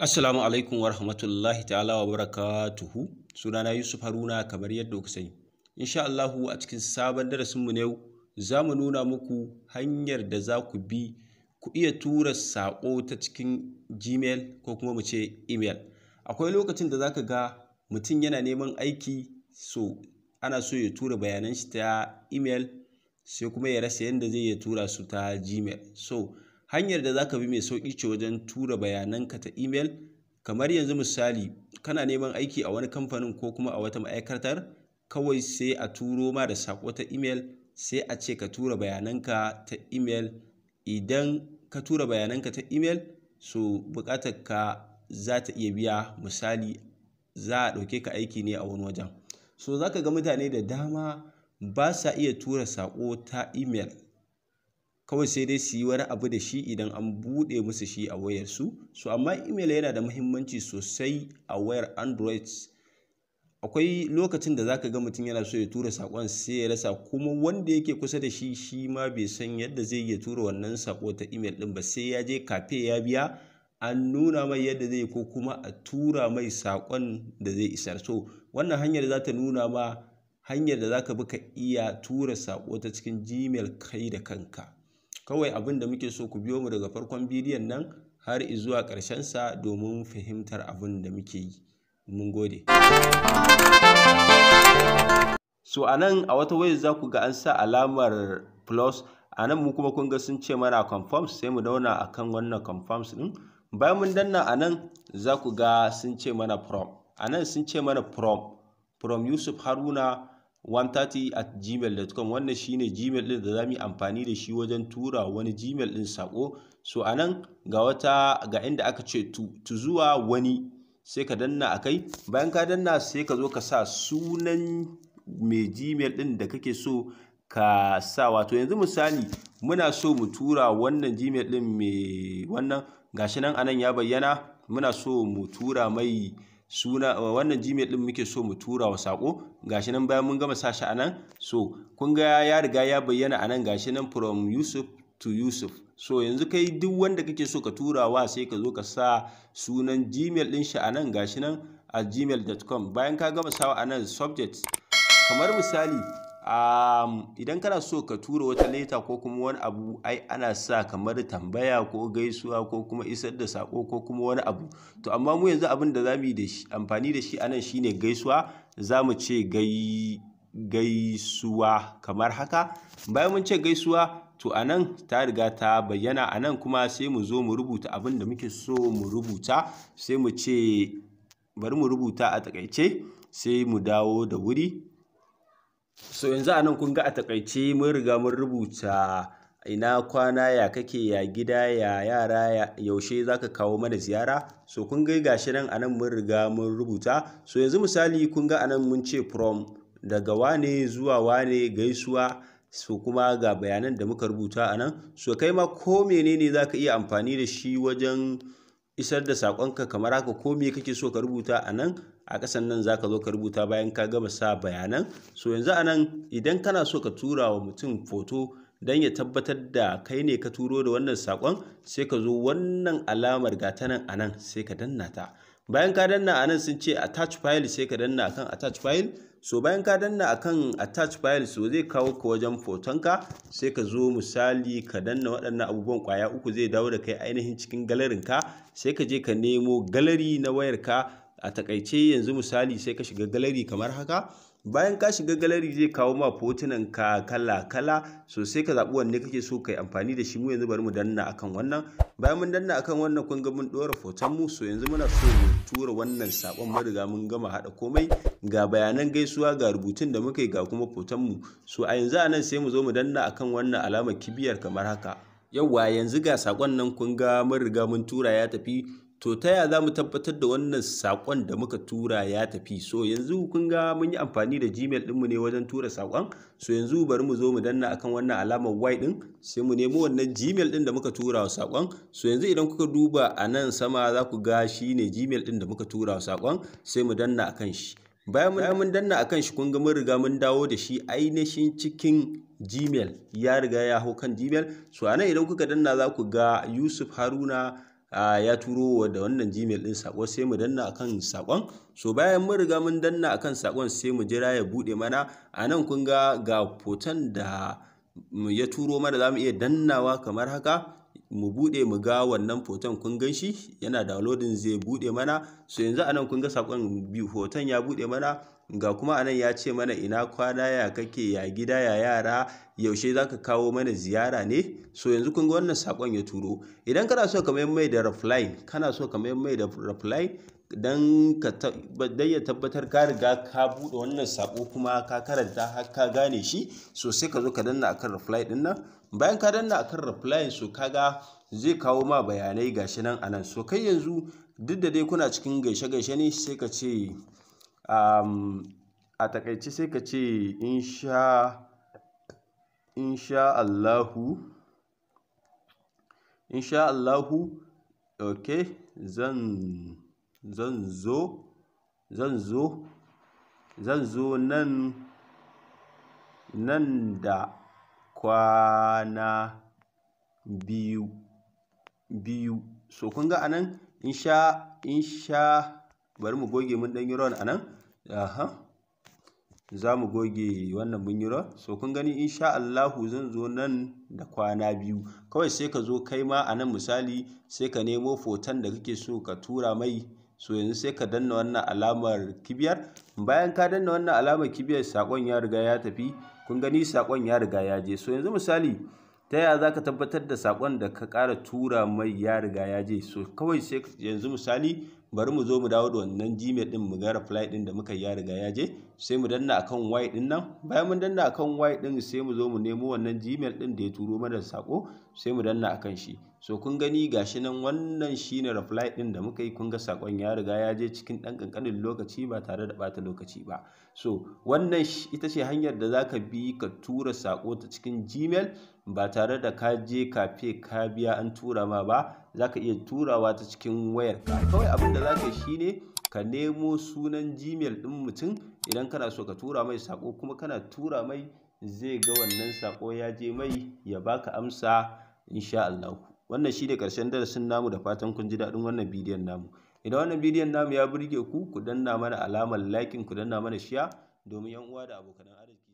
Assalamu alaikum wa rahmatullahi ta'ala wa barakatuhu. Sunana Yusuf Haruna kamar yadda ku sani. Insha Allahu a cikin sabon darasinmu na yau za mu nuna muku hanyar da za ku bi ku iya tura saƙo ta cikin Gmail ko kuma mu ce email. Akwai lokacin da zaka ga mutum yana neman aiki so ana so ya tura bayanan shi ta email sai kuma ya rasa yadda zai ya tura su ta Gmail. So hanyar da za ka bi mai sauƙi ce wajen tura bayananka ta email kamar yanzu misali kana neman aiki a wani kamfanin ko kuma a wata ma'aikatar kawai sai a turo ma da saƙo ta imel sai a ce ka tura bayananka ta email idan ka tura bayananka ta email so buƙatar ka za ta iya biya misali za a ɗauke ka aiki ne a wani wajen so za ka ga mutane da dama ba sa iya tura saƙo ta email kawai sai dai su yi wani abu da shi idan an buɗe musu shi a wayarsu so amma email yana da muhimmanci sosai a wayar android akwai lokacin da zaka ga mutum yana so ya tura sakon sai ya rasa kuma wanda yake kusa da shi shi ma bai san yadda zai iya tura wannan sako ta email ɗin ba sai ya je kafe ya biya an nuna mai yadda zai ko kuma a tura mai saƙon da zai isar so wannan hanyar za ta nuna ma hanyar da zaka bi ka iya tura sako ta cikin gmail kai da kanka Kawai abin da muke so ku biyo mu daga farkon bidiyon nan har izuwa sa domin fahimtar abin da muke yi. Mun gode. So a nan a wata wayar za ku ga an sa alamar plus a nan mu kuma kun sun ce mana confirms sai mu dauna a kan wannan confirms din. Bayan mun danna a nan za ku ga sun ce mana from. A nan sun ce mana from from Yusuf Haruna 130 at gmail.com wannan shine gmail din da za mu yi amfani da shi wajen tura wani gmail din sako so anan ga wata ga inda aka ce tu zuwa wani sai ka danna kai bayan ka danna sai ka zo ka sa sunan mai gmail din da kake so ka sa wato yanzu misali muna so mu tura wannan gmail din mai wannan gashi nan anan ya bayyana muna so mu tura mai suna wannan gmail din muke so mu tura wa sako gashi nan bayan mun gama sashi a nan so kun ga ya riga ya bayyana a nan gashi nan from yusuf to yusuf so yanzu kai duk wanda kake so ka tura wa sai ka zo ka sa sunan gmail din shi a nan gashi nan a gmail.com bayan ka gama sawa a nan subject kamar misali um, idan kana so ka tura wata leta ko kuma wani abu ai ana sa kamar tambaya ko gaisuwa ko kuma isar da sako ko kuma wani abu to amma mu yanzu abin da za mu yi amfani da shi anan shine gaisuwa za mu ce gaisuwa kamar haka bayan mun ce gaisuwa to a nan ta riga ta bayyana a nan kuma sai mu zo mu rubuta abin da muke so mu rubuta sai mu ce bari mu rubuta a takaice sai mu dawo da wuri so yanzu a kun ga a takaice mun riga mun rubuta ina kwana ya kake ya gida ya yara yaushe za ka kawo mana ziyara so kun ga gashi nan a mun riga mun rubuta so yanzu misali kun ga a mun ce from daga wane zuwa wane gaisuwa so kuma ga bayanan da muka rubuta anan so kai ma ko menene za ka iya amfani da shi wajen isar da saƙonka kamar haka ko me kake so ka rubuta a nan a ƙasan nan za ka zo ka rubuta bayan ka gama sa bayanan so yanzu a nan idan kana so ka tura wa mutum foto don ya tabbatar da kai ne ka turo da wannan saƙon sai ka zo wannan alamar gatanan nan a nan sai ka danna ta bayan ka danna a nan sun ce attach file sai ka danna akan attach file so bayan ka danna akan attach file so zai kawo ka wajen ka sai ka zo misali ka danna waɗannan abubuwan kwaya uku zai dawo da kai ainihin cikin galerin ka sai ka je ka nemo galeri na wayarka a takaice yanzu misali sai ka shiga galeri kamar haka bayan ka shiga galeri zai kawo ma fotunan ka kala kala so sai ka zaɓi wanne kake so kai amfani da shi mu yanzu bari mu danna akan wannan bayan mun danna akan wannan kun ga mun ɗora foton mu so yanzu muna so mu tura wannan sakon mu riga mun gama haɗa komai ga bayanan gaisuwa ga rubutun da muka yi ga kuma foton mu so a yanzu anan sai mu zo mu danna akan wannan alamar kibiyar kamar haka yauwa yanzu ga sakon nan kun ga mun riga mun tura ya tafi to ta yaya za mu tabbatar da wannan saƙon da muka tura ya tafi so yanzu kun ga mun yi amfani da gmail ɗinmu ne wajen tura saƙon so yanzu bari mu zo mu danna akan wannan alamar y ɗin sai mu nemi wannan gmail ɗin da muka tura wa saƙon so yanzu idan kuka duba a nan sama za ku ga shi ne gmail ɗin da muka tura wa saƙon sai mu danna akan shi bayan mun danna akan shi kun ga mun riga mun dawo da shi ainihin cikin gmail ya riga ya hau kan gmail so a nan idan kuka danna za ku ga yusuf haruna ya turo da wannan gmail din sako sai mu danna akan sakon so bayan mun riga mun danna akan sakon sai mu jira ya bude mana a nan kun ga ga hoton da ya turo mana za mu iya dannawa kamar haka mu bude mu ga wannan hoton kun gan shi yana downloading zai bude mana so yanzu a nan kun ga sakon hoton ya bude mana Ga kuma anan ya ce mana ina kwana ya kake ya gida ya yara yaushe za ka kawo mana ziyara ne? So yanzu kun ga wannan sakon ya turo. Idan kana so ka mai da reply kana so ka mai da reply don ka ya tabbatar ka riga ka buɗe wannan sako kuma ka karanta har ka gane shi so sai ka zo ka danna akan reply din nan bayan ka danna akan reply so kaga zai kawo ma bayanai gashi nan anan so kai yanzu duk da dai kuna cikin gaishe-gaishe ne sai ka ce a takaice sai ka ce insha Allahu ok zan zo zan zo zan zo nan nan da kwana biyu biyu so kun ga anan insha insha bari mu goge mun dan yi anan Aha. Za mu goge wannan ruwa? So kun gani insha Allahu zan zo nan da kwana biyu. Kawai sai ka zo kai ma a nan misali sai ka nemo foton da kake so ka tura mai. So yanzu sai ka danna wannan alamar kibiyar. Bayan ka danna wannan alamar kibiyar saƙon ya riga ya tafi. Kun gani saƙon ya riga ya je. So yanzu misali ta yaya za ka tabbatar da saƙon da ka ƙara tura mai ya riga ya je. So kawai sai yanzu misali bari mu zo mu dawo da wannan gmail din mu ga reply din da muka ya riga ya je sai mu danna akan y din nan bayan mun danna akan y din sai mu zo mu nemo wannan gmail din da ya turo mana sako sai mu danna akan shi so kun gani gashi nan wannan shine reply din da muka yi kun ga sakon ya riga ya je cikin dan kankanin lokaci ba tare da bata lokaci ba so wannan ita ce hanyar da zaka bi ka tura sako ta cikin gmail ba tare da ka je kafe ka biya an tura ma ba za ka iya turawa ta cikin wayarka kawai abin da za ka shi ne ka nemo sunan gmail ɗin mutum idan kana so ka tura mai sako kuma kana tura mai zai ga wannan sako ya je mai ya baka amsa insha Allah wannan shi ne karshen darasin namu da fatan kun ji daɗin wannan bidiyon namu idan wannan bidiyon namu ya burge ku ku danna mana alamar likin ku danna mana shiya domin yan uwa da abokan arziki